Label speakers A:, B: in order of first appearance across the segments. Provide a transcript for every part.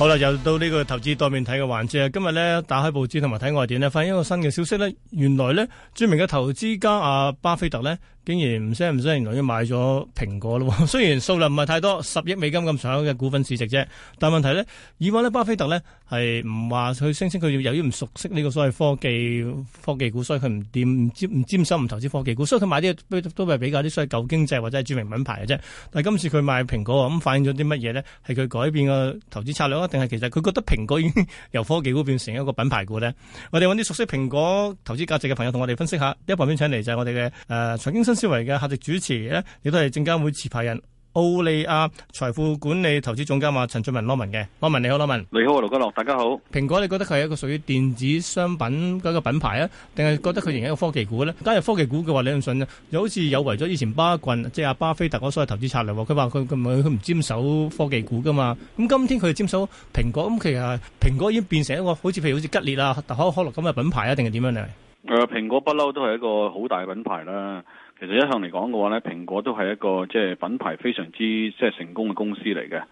A: 好啦，又到呢個投資多面睇嘅環節。今日呢，打開報紙同埋睇外電呢，發現一個新嘅消息。呢，原來呢，著名嘅投資家阿巴菲特呢。竟然唔識唔識，原來已經買咗蘋果咯。雖然數量唔係太多，十億美金咁上下嘅股份市值啫。但問題呢，以往呢，巴菲特呢係唔話去聲稱佢要由於唔熟悉呢個所謂科技科技股，所以佢唔掂唔沾唔沾手唔投資科技股，所以佢買啲都係比較啲所謂舊經濟或者係著名品牌嘅啫。但係今次佢買蘋果，咁反映咗啲乜嘢呢？係佢改變個投資策略啊？定係其實佢覺得蘋果已經由科技股變成一個品牌股呢？我哋揾啲熟悉蘋果投資價值嘅朋友同我哋分析下。一旁邊請嚟就係我哋嘅誒陳俊文。作為嘅客席主持咧，亦都係證監會持牌人澳利亞財富管理投資總監，話陳俊文羅文嘅羅文，你好羅文。—你
B: 好啊盧家樂，大家好。
A: 蘋果你覺得佢係一個屬於電子商品嗰個品牌啊，定係覺得佢仍係一個科技股咧？假如科技股嘅話，你唔信咧？又好似有違咗以前巴郡，即係阿巴菲特嗰所謂投資策略。佢話佢佢唔佢唔沾手科技股噶嘛。咁今天佢沾手蘋果，咁其實蘋果已經變成一個好似譬如好似吉列啊、可口可樂咁嘅品牌啊，定係點樣咧？
B: 誒、呃，蘋果不嬲都係一個好大嘅品牌啦。其實一向嚟講嘅話咧，蘋果都係一個即係、就是、品牌非常之即係、就是、成功嘅公司嚟嘅。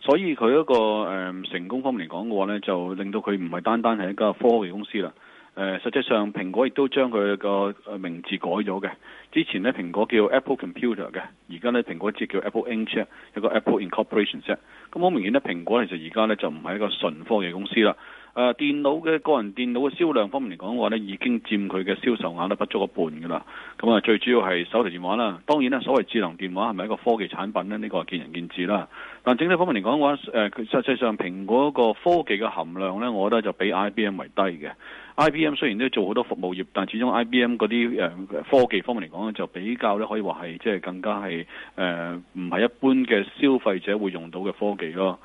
B: 所以佢一個、呃、成功方面嚟講嘅話咧，就令到佢唔係單單係一家科技公司啦。誒、呃，實際上蘋果亦都將佢個名字改咗嘅。之前咧蘋果叫 Apple Computer 嘅，而家咧蘋果只叫 Apple Inc.，一個 Apple Incorporation 啫。咁好明顯咧，蘋果其實而家咧就唔係一個純科技公司啦。誒、呃、電腦嘅個人電腦嘅銷量方面嚟講嘅話呢，已經佔佢嘅銷售額都不足一半嘅啦。咁、嗯、啊，最主要係手提電話啦。當然啦，所謂智能電話係咪一個科技產品呢？呢、呢個係見仁見智啦。但整體方面嚟講嘅話，誒、呃，實際上蘋果個科技嘅含量呢，我覺得就比 I B M 為低嘅。嗯、I B M 雖然都做好多服務業，但始終 I B M 嗰啲誒、呃、科技方面嚟講就比較咧可以話係即係更加係誒唔係一般嘅消費者會用到嘅科技咯。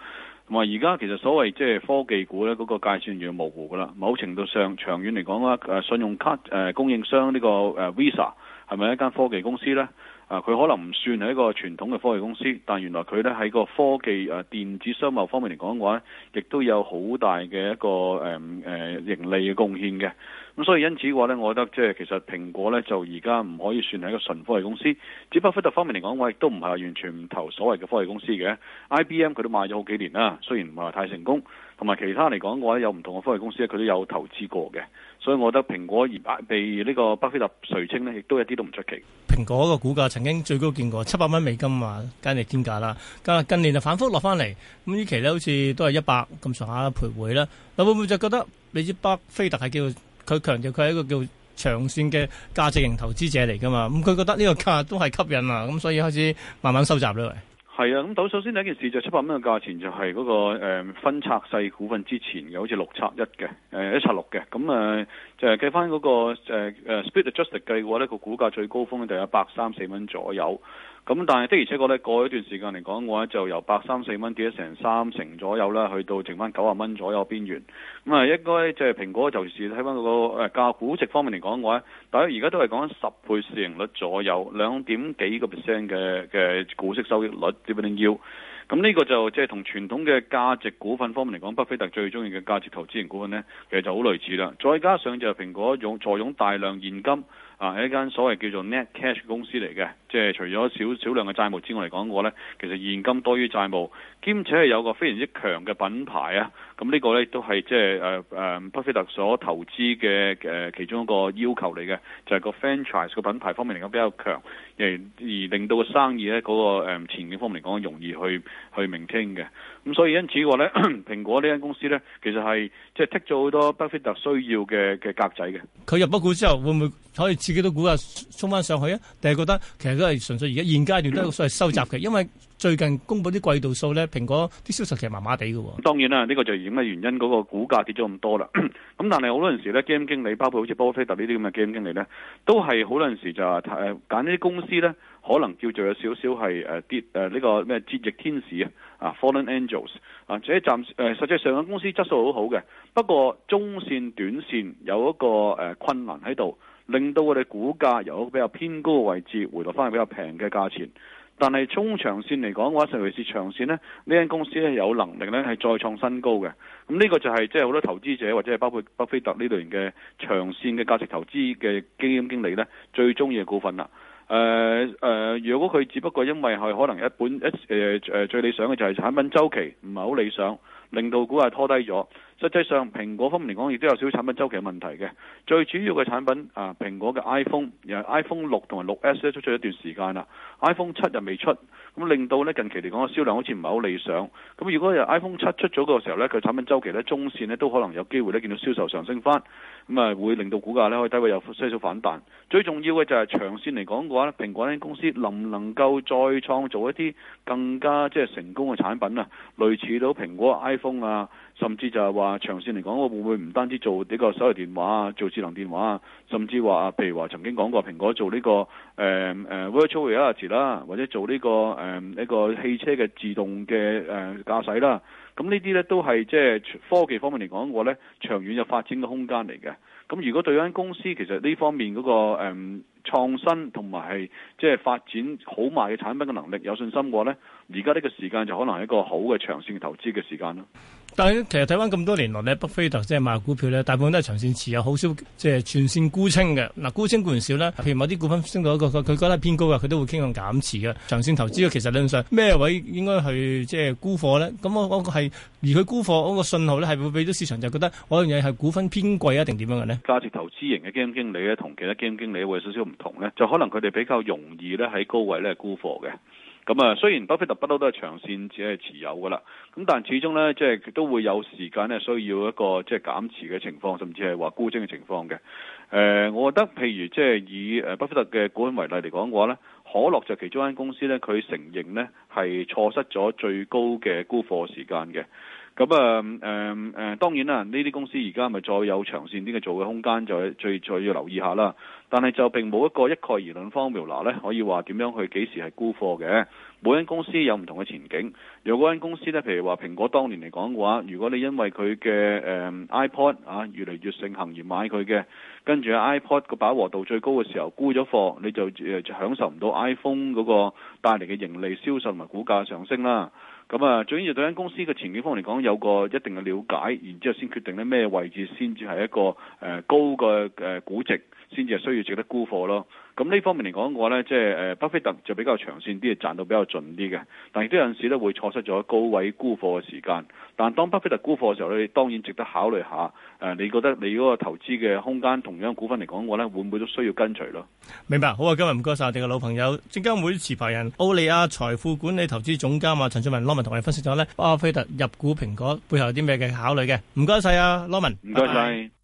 B: 同埋而家其實所謂即係科技股呢，嗰個界線越嚟越模糊噶啦。某程度上，長遠嚟講啊，信用卡、啊、供應商呢、呢個、啊、Visa 係咪一間科技公司呢？啊，佢可能唔算係一個傳統嘅科技公司，但原來佢咧喺個科技、啊、電子商貿方面嚟講嘅話呢，亦都有好大嘅一個誒、啊啊、盈利嘅貢獻嘅。咁所以因此嘅話咧，我覺得即係其實蘋果咧就而家唔可以算係一個純科技公司。只不過菲特方面嚟講，我亦都唔係完全唔投所謂嘅科技公司嘅。IBM 佢都賣咗好幾年啦，雖然唔係話太成功，同埋其他嚟講嘅話，有唔同嘅科技公司佢都有投資過嘅。所以我覺得蘋果而被呢個巴菲特垂青呢，亦都一啲都唔出奇。
A: 蘋果個股價曾經最高見過七百蚊美金啊，簡直天價啦！咁近年就反覆落翻嚟，咁呢期咧好似都係一百咁上下徘徊啦。你會唔會就覺得你知巴菲特係叫？佢強調佢係一個叫長線嘅價值型投資者嚟㗎嘛，咁佢覺得呢個價都係吸引啊，咁所以開始慢慢收集啦。
B: 係啊，咁到首先第一件事就七百蚊嘅價錢就係嗰、那個、呃、分拆細股份之前嘅，好似六拆一嘅，誒一拆六嘅，咁誒、嗯呃、就係計返嗰個誒 split adjusted 計嘅話咧，個、呃、股價最高峰就有一百三四蚊左右。咁但係的而且確咧，過一段時間嚟講嘅話，就由百三四蚊跌咗成三成左右啦，去到剩翻九十蚊左右邊緣。咁、那個、啊，應該即係蘋果，就係睇翻嗰個價估值方面嚟講嘅話，大概而家都係講十倍市盈率左右，兩點幾個 percent 嘅嘅股息收益率，點解唔要？咁呢個就即係同傳統嘅價值股份方面嚟講，巴菲特最中意嘅價值投資型股份呢，其實就好類似啦。再加上就係蘋果用坐擁大量現金，啊，一間所謂叫做 net cash 公司嚟嘅，即係除咗少少量嘅債務之外嚟講嘅話呢，其實現金多於債務，兼且係有個非常之強嘅品牌啊。咁、嗯這個、呢個咧都係即係誒誒巴菲特所投資嘅誒、呃、其中一個要求嚟嘅，就係、是、個 franchise 個品牌方面嚟講比較強，而而令到個生意咧嗰、那個、呃、前景方面嚟講容易去去明聽嘅。咁所以因此嘅話咧，蘋果呢間公司咧，其實係即係剔咗好多巴菲特需要嘅嘅格仔嘅。
A: 佢入不股之後，會唔會可以刺激到股價衝翻上去啊？定係覺得其實都係純粹而家現階段都係所謂收集嘅， 因為最近公布啲季度數咧，蘋果啲銷售其實麻麻地㗎。咁
B: 當然啦，呢個就係點嘅原因，嗰個股價跌咗咁多啦。咁但係好多陣時咧，基金經理，包括好似巴菲特呢啲咁嘅基金經理咧，都係好多陣時候就係誒揀呢啲公司咧。可能叫做有少少係誒啲誒呢個咩折翼天使啊啊，fallen angels 啊，即係暫誒實際上嘅公司質素好好嘅，不過中線短線有一個困難喺度，令到我哋股價由一個比較偏高嘅位置回落翻去比較平嘅價錢。但係中長線嚟講嘅話，尤其是長線呢，呢間公司係有能力咧係再創新高嘅。咁呢個就係即係好多投資者或者係包括巴菲特呢類型嘅長線嘅價值投資嘅基金經理咧最中意嘅股份啦。誒、呃、誒、呃，如果佢只不過因為係可能一本一誒、呃、最理想嘅就係產品周期唔係好理想，令到股價拖低咗。實際上，蘋果方面嚟講，亦都有少少產品周期嘅問題嘅。最主要嘅產品啊，蘋果嘅 iPhone，而 iPhone 六同埋六 S 出咗一段時間啦，iPhone 七又未出，咁令到呢，近期嚟講嘅銷量好似唔係好理想。咁如果 iPhone 七出咗個時候呢，佢產品周期呢，中線呢，都可能有機會呢，見到銷售上升翻，咁啊會令到股價可以低位有少少反彈。最重要嘅就係長線嚟講嘅話呢，蘋果呢公司能唔能夠再創造一啲更加即係成功嘅產品啊？類似到蘋果 iPhone 啊，甚至就係話。啊，長線嚟講，我會唔會唔單止做呢個手提電話啊，做智能電話啊，甚至話譬如話曾經講過蘋果做呢、這個誒、呃、Virtual Reality 啦，或者做呢、這個誒一、呃這個汽車嘅自動嘅誒、呃、駕駛啦，咁、嗯、呢啲咧都係即係科技方面嚟講，嘅話咧，長遠有發展嘅空間嚟嘅。咁如果對間公司其實呢方面嗰個誒創新同埋即係發展好賣嘅產品嘅能力有信心嘅話咧，而家呢個時間就可能係一個好嘅長線投資嘅時間咯。
A: 但係其實睇翻咁多年來咧，巴菲特即係買股票咧，大部分都係長線持有，好少即係全線沽清嘅。嗱，沽清固然少啦，譬如某啲股份升到一個佢覺得偏高嘅，佢都會傾向減持嘅。長線投資嘅其實理論上咩位應該去即係沽貨咧？咁我嗰個係而佢沽貨嗰個信號咧，係會俾咗市場就覺得嗰樣嘢係股份偏貴啊，定點樣嘅咧？
B: 價值投資型嘅基金經理咧，同其他基金經理會有少少唔同咧，就可能佢哋比較容易咧喺高位咧沽貨嘅。咁啊，雖然巴菲特不嬲都係長線，只係持有噶啦，咁但係始終咧，即係都會有時間咧需要一個即係減持嘅情況，甚至係話沽精嘅情況嘅。誒、呃，我覺得譬如即係以誒巴菲特嘅股份為例嚟講嘅話咧，可樂就其中間公司咧，佢承認咧係錯失咗最高嘅沽貨時間嘅。咁、嗯、啊，誒、嗯、誒，當然啦，呢啲公司而家咪再有長線啲嘅做嘅空間？就係最最要留意下啦。但係就並冇一個一概而論 formula 咧，可以話點樣去幾時係沽貨嘅？每間公司有唔同嘅前景。如果間公司咧，譬如話蘋果當年嚟講嘅話，如果你因為佢嘅、嗯、iPod 啊越嚟越盛行而買佢嘅，跟住 iPod 個飽和度最高嘅時候沽咗貨，你就、呃、享受唔到 iPhone 嗰個帶嚟嘅盈利、銷售同埋股價上升啦。咁、嗯、啊，最重要對間公司嘅前景方面嚟講，有一個一定嘅了解，然之後先決定咧咩位置先至係一個誒、呃、高嘅誒估值，先至係需要。值得沽貨咯，咁呢方面嚟講嘅話咧，即係誒，巴菲特就比較長線啲，賺到比較盡啲嘅，但亦都有陣時咧，會錯失咗高位沽貨嘅時間。但係當巴菲特沽貨嘅時候咧，當然值得考慮下。誒，你覺得你嗰個投資嘅空間，同樣股份嚟講嘅話咧，會唔會都需要跟隨咯？
A: 明白，好啊，今日唔該晒我哋嘅老朋友，證監會持牌人澳利亞財富管理投資總監啊，陳俊文 Lawrence 同我哋分析咗咧，巴菲特入股蘋果背後有啲咩嘅考慮嘅？唔該晒啊 Lawrence，唔該晒。